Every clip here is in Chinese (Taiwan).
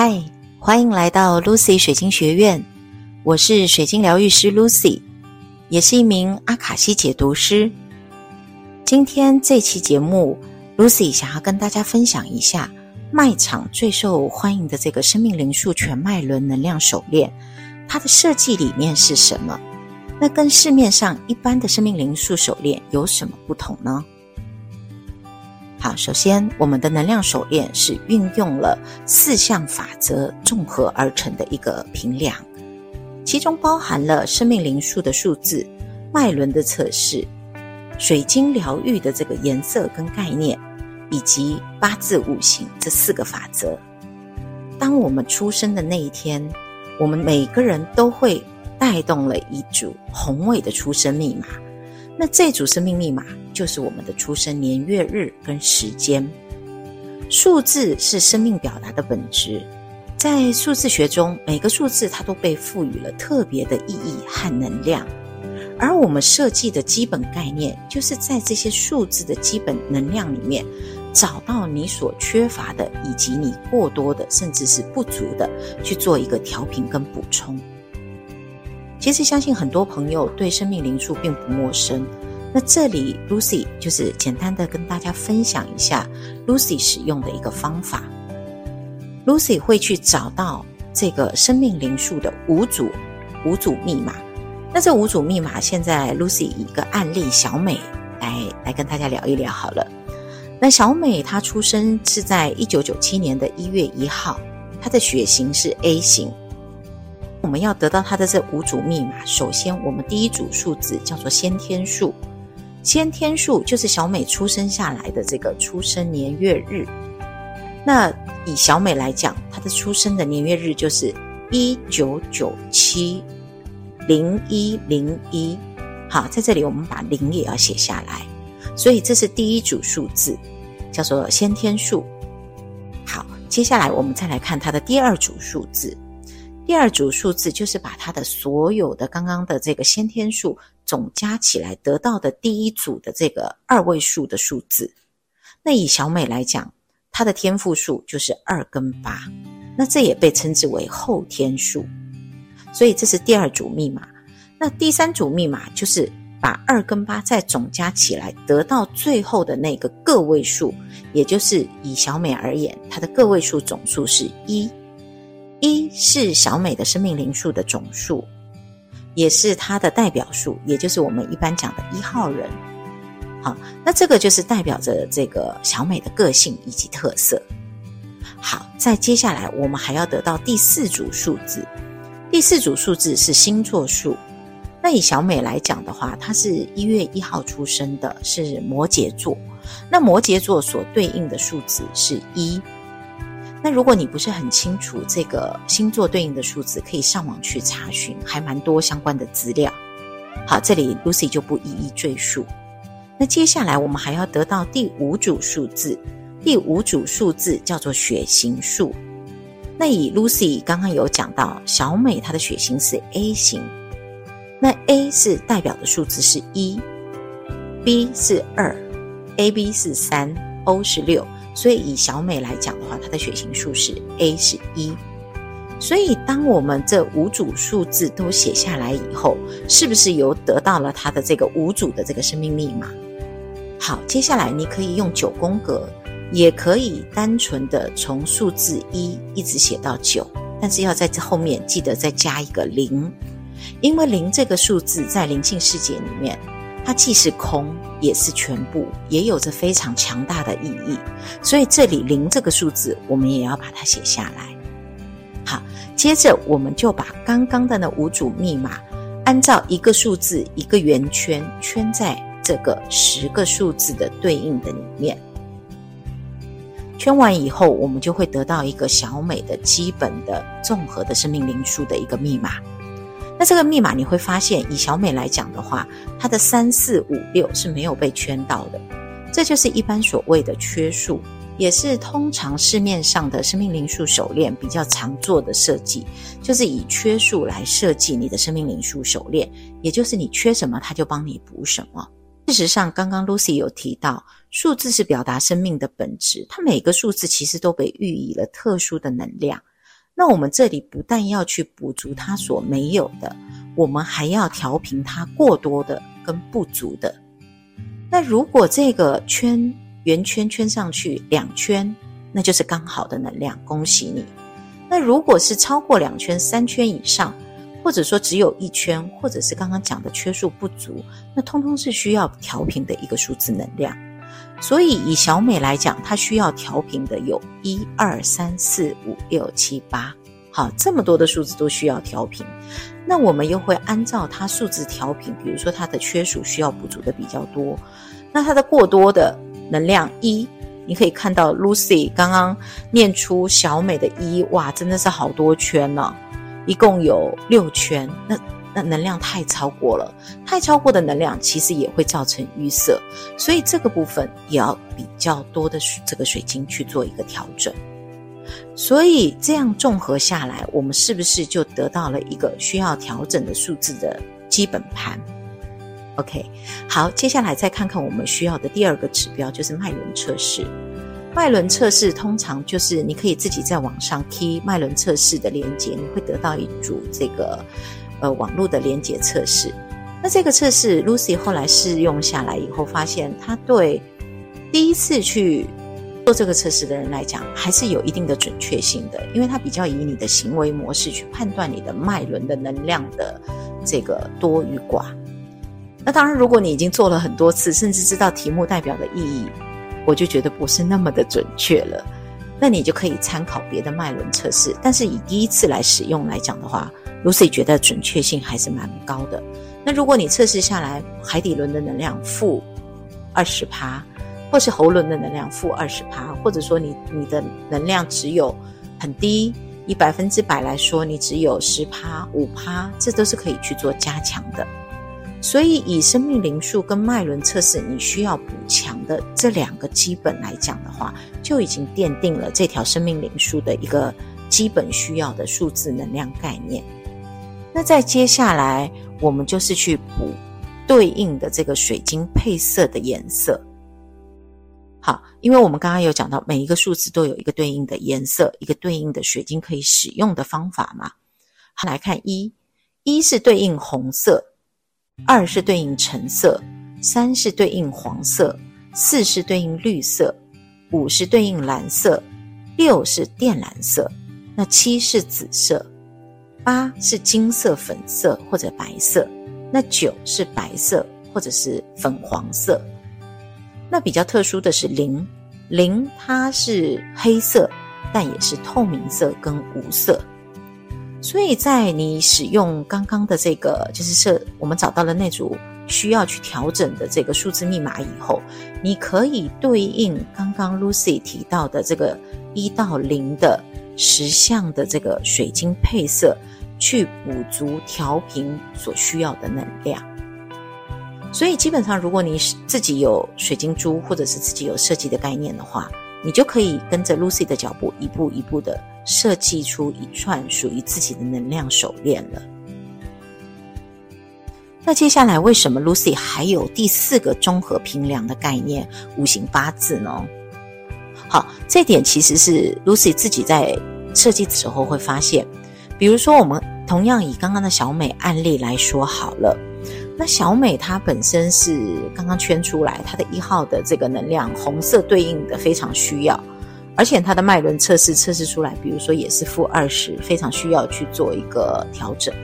嗨，Hi, 歡迎來到 Lucy 水晶學院，我是水晶療癒師 Lucy，也是一名阿卡西解讀師。今天這期節目，Lucy 想要跟大家分享一下賣場最受歡迎的這個生命靈數全脈輪能量手鏈，它的設計理念是什麼？那跟市面上一般的生命靈數手鏈有什麼不同呢？首先，我們的能量手鏈是運用了四項法則綜合而成的一個平衡，其中包含了生命靈數的數字、脈輪的測試、水晶療癒的這個顏色跟概念，以及八字五行這四個法則。當我們出生的那一天，我們每個人都會帶動了一組宏偉的出生密碼。那這組生命密碼，就是我們的出生年月日跟時間，數字是生命表達的本質。在數字學中，每個數字它都被賦予了特別的意義和能量。而我們設計的基本概念，就是在這些數字的基本能量裡面，找到你所缺乏的，以及你過多的，甚至是不足的，去做一個調頻跟補充。其實，相信很多朋友對生命靈數並不陌生。那這裡 Lucy 就是簡單的跟大家分享一下 Lucy 使用的一個方法。Lucy 會去找到這個生命靈數的五組五組密碼。那這五組密碼，現在 Lucy 以一個案例小美來來跟大家聊一聊好了。那小美她出生是在一九九七年的一月一號，她的血型是 A 型。我們要得到她的這五組密碼，首先我們第一組數字叫做先天數。先天數就是小美出生下來的這個出生年月日，那以小美來講，她的出生的年月日就是一九九七零一零一，好，在這裡我們把零也要寫下來，所以這是第一組數字，叫做先天數。好，接下來我們再來看她的第二組數字。第二組數字就是把她的所有的剛剛的這個先天數總加起來得到的第一組的這個二位數的數字。那以小美來講，她的天賦數就是二跟八，那這也被稱之為後天數。所以這是第二組密碼。那第三組密碼就是把二跟八再總加起來得到最後的那個個位數，也就是以小美而言，她的個位數總數是一。一是小美的生命靈數的總數，也是她的代表數，也就是我們一般講的一號人。好，那這個就是代表着這個小美的個性以及特色。好，在接下來我們還要得到第四組數字，第四組數字是星座數。那以小美來講的話，她是一月一號出生的，是摩羯座。那摩羯座所對應的數字是一。那如果你不是很清楚這個星座對應的數字，可以上網去查詢，還蠻多相關的資料。好，這裡 Lucy 就不一一贅述。那接下來我們還要得到第五組數字，第五組數字叫做血型數。那以 Lucy 剛剛有講到，小美她的血型是 A 型，那 A 是代表的數字是一，B 是二，AB 是三，O 是六。所以以小美來講的話，她的血型數是 A 是一。所以當我們這五組數字都寫下來以後，是不是有得到了她的這個五組的這個生命密碼？好，接下來你可以用九宮格，也可以單純的從數字一一直寫到九，但是要在這後面記得再加一個零，因為零這個數字在靈性世界裡面，它既是空，也是全部，也有着非常強大的意義。所以這裡零這個數字，我們也要把它寫下來。好，接着我們就把剛剛的那五組密碼，按照一個數字一個圓圈圈在這個十個數字的對應的裡面。圈完以後，我們就會得到一個小美的基本的綜合的生命靈數的一個密碼。那這個密碼你會發現，以小美來講的話，她的三四五六是沒有被圈到的，這就是一般所謂的缺數，也是通常市面上的生命靈數手鏈比較常做的設計，就是以缺數來設計你的生命靈數手鏈，也就是你缺什麼，它就幫你補什麼。事實上，剛剛 Lucy 有提到，數字是表達生命的本質，它每個數字其實都被寓意了特殊的能量。那我們這裡不但要去補足它所沒有的，我們還要調平它過多的跟不足的。那如果這個圈圓圈圈，上去兩圈，那就是剛好的能量，恭喜你。那如果是超過兩圈、三圈以上，或者說只有一圈，或者是剛剛講的缺數不足，那通通是需要調平的一個數字能量。所以以小美來講，她需要調平的有一二三四五六七八，好，這麼多的數字都需要調平。那我們又會按照她數字調平，比如說她的缺數需要補足的比較多，那她的過多的能量一，你可以看到 Lucy 剛剛念出小美的一，哇，真的是好多圈了，啊，一共有六圈。那能量太超過了，太超過的能量其實也會造成淤塞，所以這個部分也要比較多的水這個水晶去做一個調整。所以這樣綜合下來，我們是不是就得到了一個需要調整的數字的基本盤？OK，好，接下來再看看我們需要的第二個指標就是脈輪測試。脈輪測試通常就是你可以自己在網上 key 脈輪測試的鏈接，你會得到一組這個。呃，網絡的連接測試，那這個測試 Lucy 後來試用下來以後，發現它對第一次去做這個測試的人來講，還是有一定的準確性的，因為它比較以你的行為模式去判斷你的脈輪的能量的這個多與寡。那當然，如果你已經做了很多次，甚至知道題目代表的意義，我就覺得不是那麼的準確了。那你就可以參考別的脈輪測試，但是以第一次來使用來講的話，Lucy 覺得準確性還是蠻高的。那如果你測試下來，海底輪的能量負二十趴，或是喉輪的能量負二十趴，或者說你你的能量只有很低，以100，以百分之百來說，你只有十趴、五趴，這都是可以去做加強的。所以以生命靈數跟脈輪測試，你需要補強的這兩個基本來講的話，就已經奠定了這條生命靈數的一個基本需要的數字能量概念。那在接下來，我們就是去補對應的這個水晶配色的顏色。好，因為我們剛剛有講到，每一個數字都有一個對應的顏色，一個對應的水晶可以使用的方法嘛。好，來看一一是對應紅色，二是對應橙色，三是對應黃色，四是對應綠色，五是對應藍色，六是靛藍色，那七是紫色。八是金色、粉色或者白色，那九是白色或者是粉黃色，那比較特殊的是零，零它是黑色，但也是透明色跟無色。所以在你使用剛剛的這個，就是設我們找到了那組需要去調整的這個數字密碼以後，你可以對應剛剛 Lucy 提到的這個一到零的十項的這個水晶配色。去補足調平所需要的能量，所以基本上，如果你自己有水晶珠，或者是自己有設計的概念的話，你就可以跟着 Lucy 的腳步，一步一步的設計出一串屬於自己的能量手鏈了。那接下來，為什麼 Lucy 還有第四個綜合平衡的概念——五行八字呢？好，這一點其實是 Lucy 自己在設計的時候會發現，比如說我們。同樣以剛剛的小美案例來說好了，那小美她本身是剛剛圈出來，她的一號的這個能量，紅色對應的非常需要，而且她的脈輪測試測試出來，比如說也是負二十，20，非常需要去做一個調整。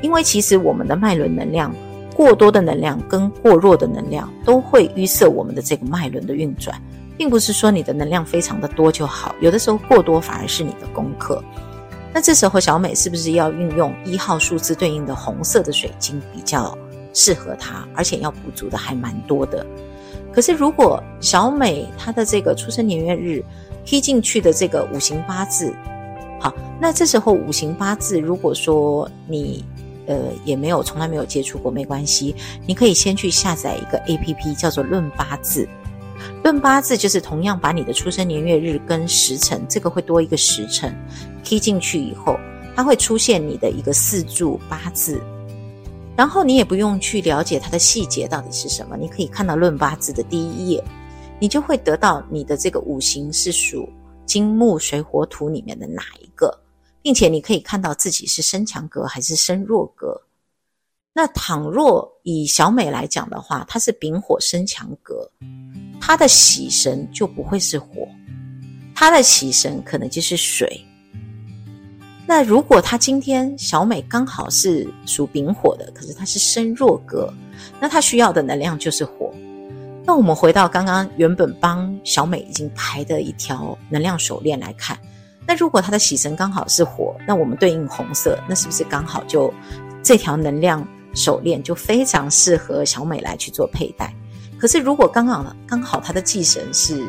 因為其實我們的脈輪能量過多的能量跟過弱的能量都會預測我們的這個脈輪的運轉，並不是說你的能量非常的多就好，有的時候過多反而是你的功課。那這時候小美是不是要運用一號數字對應的紅色的水晶比較適合她，而且要補足的還蠻多的？可是如果小美她的這個出生年月日，踢進去的這個五行八字，好，那這時候五行八字，如果說你，呃，也沒有從來沒有接觸過，沒關係，你可以先去下載一個 APP 叫做論八字。論八字就是同樣把你的出生年月日跟時辰，這個會多一個時辰，踢進去以後，它會出現你的一個四柱八字。然後你也不用去了解它的細節到底是什麼，你可以看到論八字的第一頁，你就會得到你的這個五行是屬金木水火土裡面的哪一個，並且你可以看到自己是身強格還是身弱格。那倘若以小美來講的話，她是丙火身強格，她的喜神就不會是火，她的喜神可能就是水。那如果她今天小美剛好是屬丙火的，可是她是身弱格，那她需要的能量就是火。那我們回到剛剛原本幫小美已經排的一條能量手鏈來看，那如果她的喜神剛好是火，那我們對應紅色，那是不是剛好就這條能量？手鏈就非常適合小美來去做佩戴，可是如果剛好剛好她的忌神是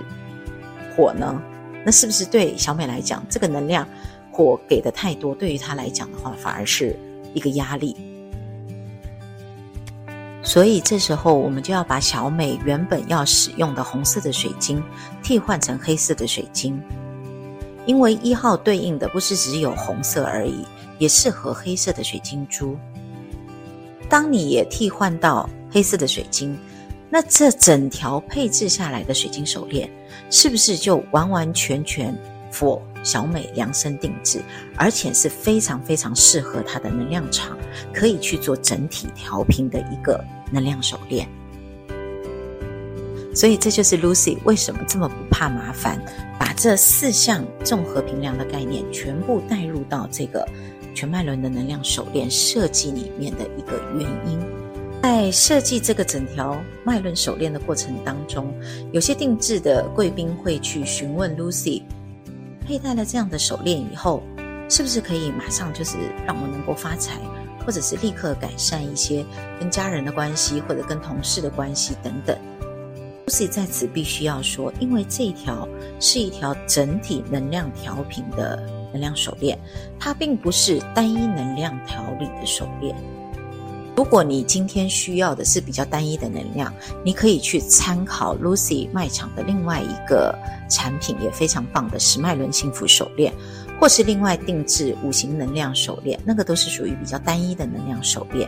火呢？那是不是對小美來講這個能量火給的太多，對於她來講的話反而是一個壓力。所以這時候我們就要把小美原本要使用的紅色的水晶替換成黑色的水晶，因為一號對應的不是只有紅色而已，也適合黑色的水晶珠。當你也替換到黑色的水晶，那這整條配置下來的水晶手鏈，是不是就完完全全為小美量身定製，而且是非常非常適合她的能量場，可以去做整體調頻的一個能量手鏈？所以這就是 Lucy 為什麼這麼不怕麻煩，把這四項綜合平量的概念全部帶入到這個。全脈輪的能量手鏈設計裡面的一個原因。在設計這個整條脈輪手鏈的過程當中，有些定制的貴賓會去詢問 Lucy，佩戴了這樣的手鏈以後，是不是可以馬上就是讓我們能夠發財，或者是立刻改善一些跟家人的關係，或者跟同事的關係等等。Lucy 在此必須要說，因為這一條是一條整體能量調頻的。能量手鏈，它並不是單一能量調理的手鏈。如果你今天需要的是比較單一的能量，你可以去參考 Lucy 賣場的另外一個產品，也非常棒的史邁倫幸福手鏈，或是另外定制五行能量手鏈，那個都是屬於比較單一的能量手鏈。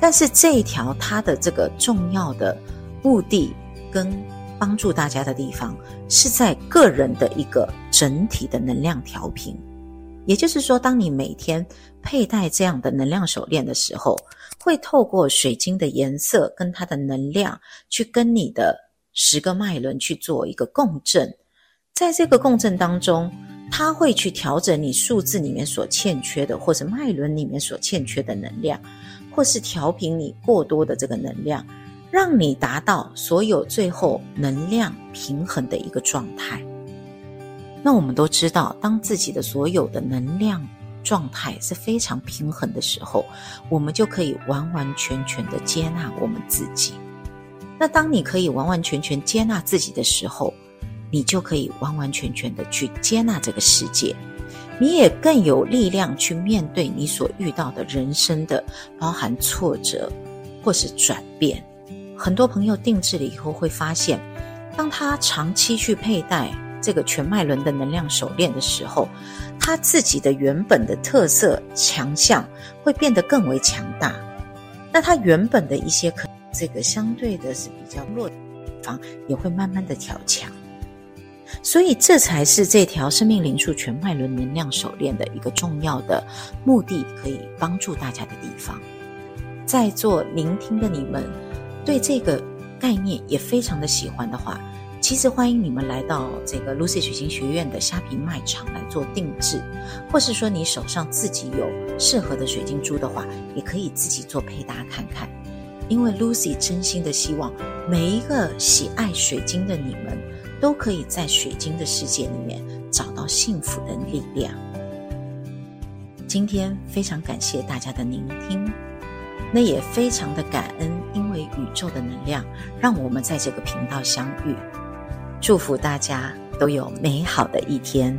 但是這一條它的這個重要的目的跟幫助大家的地方是在個人的一個整體的能量調頻，也就是說，當你每天佩戴這樣的能量手鏈的時候，會透過水晶的顏色跟它的能量去跟你的十個脈輪去做一個共振，在這個共振當中，它會去調整你數字裡面所欠缺的，或者脈輪裡面所欠缺的能量，或是調頻你過多的這個能量。讓你達到所有最後能量平衡的一個狀態。那我們都知道，當自己的所有的能量狀態是非常平衡的時候，我們就可以完完全全的接納我們自己。那當你可以完完全全接納自己的時候，你就可以完完全全的去接納這個世界，你也更有力量去面對你所遇到的人生的包含挫折或是轉變。很多朋友定製了以後會發現，當他長期去佩戴這個全脈輪的能量手鏈的時候，他自己的原本的特色強項會變得更為強大，那他原本的一些可能這個相對的是比較弱的地方也會慢慢的調強，所以這才是這條生命靈數全脈輪能量手鏈的一個重要的目的，可以幫助大家的地方，在座聆聽的你們，對這個概念也非常的喜歡的話，其實歡迎你們來到這個 Lucy 水晶學院的蝦皮賣場來做定制，或是說你手上自己有適合的水晶珠的話，也可以自己做配搭看看。因為 Lucy 真心的希望每一個喜愛水晶的你們，都可以在水晶的世界裡面找到幸福的力量。今天非常感謝大家的聆聽。那也非常的感恩，因為宇宙的能量讓我們在這個頻道相遇。祝福大家都有美好的一天。